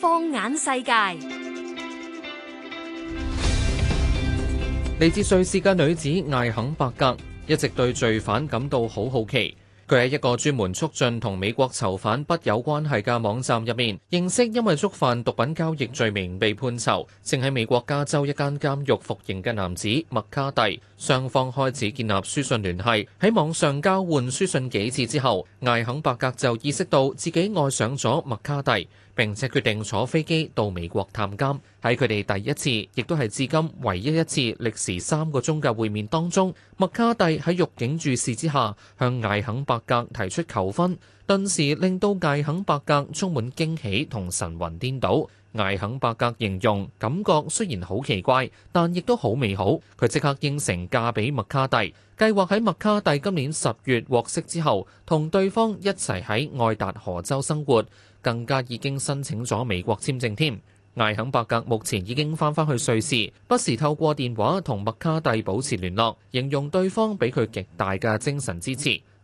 放眼世界，嚟自瑞士嘅女子艾肯伯格一直對罪犯感到好好奇。佢喺一個專門促進同美國囚犯不有關係嘅網站入面，認識因為觸犯毒品交易罪名被判囚，正喺美國加州一間監獄服刑嘅男子麥卡蒂。雙方開始建立書信聯繫，喺網上交換書信幾次之後，艾肯伯格就意識到自己愛上咗麥卡蒂。並且決定坐飛機到美國探監。喺佢哋第一次，亦都係至今唯一一次歷時三個鐘嘅會面當中，麥卡蒂喺獄警注視之下向艾肯伯格提出求婚，頓時令到艾肯伯格充滿驚喜同神魂顛倒。艾肯伯格形容感覺雖然好奇怪，但亦都好美好。佢即刻應承嫁俾麥卡蒂，計劃喺麥卡蒂今年十月獲釋之後，同對方一齊喺愛達荷州生活，更加已經申請咗美國簽證添。艾肯伯格目前已經翻返去瑞士，不時透過電話同麥卡蒂保持聯絡，形容對方俾佢極大嘅精神支持。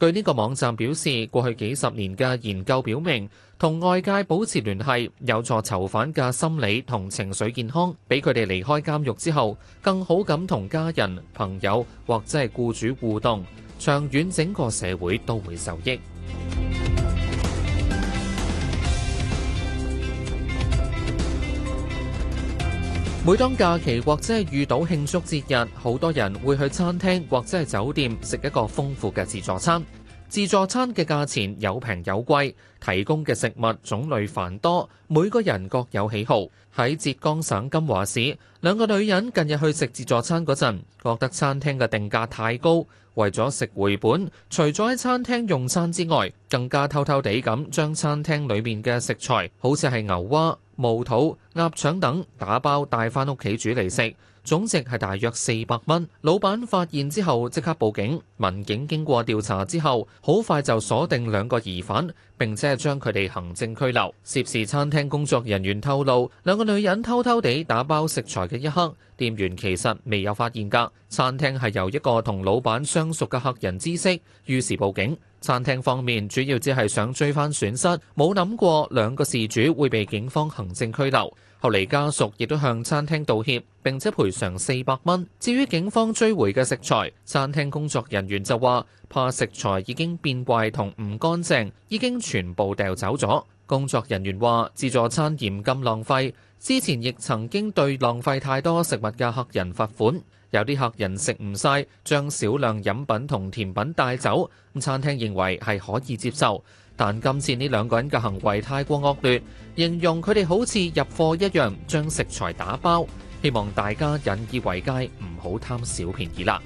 據呢個網站表示，過去幾十年嘅研究表明，同外界保持聯繫有助囚犯嘅心理同情緒健康，俾佢哋離開監獄之後，更好咁同家人、朋友或者係僱主互動，長遠整個社會都會受益。每當假期或者係遇到慶祝節日，好多人會去餐廳或者係酒店食一個豐富嘅自助餐。自助餐嘅價錢有平有貴，提供嘅食物種類繁多，每個人各有喜好。喺浙江省金華市，兩個女人近日去食自助餐嗰陣，覺得餐廳嘅定價太高，為咗食回本，除咗喺餐廳用餐之外，更加偷偷地咁將餐廳裏面嘅食材，好似係牛蛙、毛肚、鴨腸等，打包帶翻屋企煮嚟食，總值係大約四百蚊。老闆發現之後即刻報警，民警經過調查之後，好快就鎖定兩個疑犯，並且將佢哋行政拘留。涉事餐廳工作人員透露，兩個女人偷偷地打包食材嘅一刻，店員其實未有發現㗎，餐廳係由一個同老闆相熟嘅客人知悉，於是報警。餐廳方面主要只係想追翻損失，冇諗過兩個事主會被警方行政拘留。後嚟家屬亦都向餐廳道歉，並且賠償四百蚊。至於警方追回嘅食材，餐廳工作人員就話怕食材已經變壞同唔乾淨，已經全部掉走咗。工作人員話：自助餐嚴禁浪費，之前亦曾經對浪費太多食物嘅客人罰款。有啲客人食唔晒，將少量飲品同甜品帶走，餐廳認為係可以接受。但今次呢兩個人嘅行為太過惡劣，形容佢哋好似入貨一樣將食材打包。希望大家引以為戒，唔好貪小便宜啦。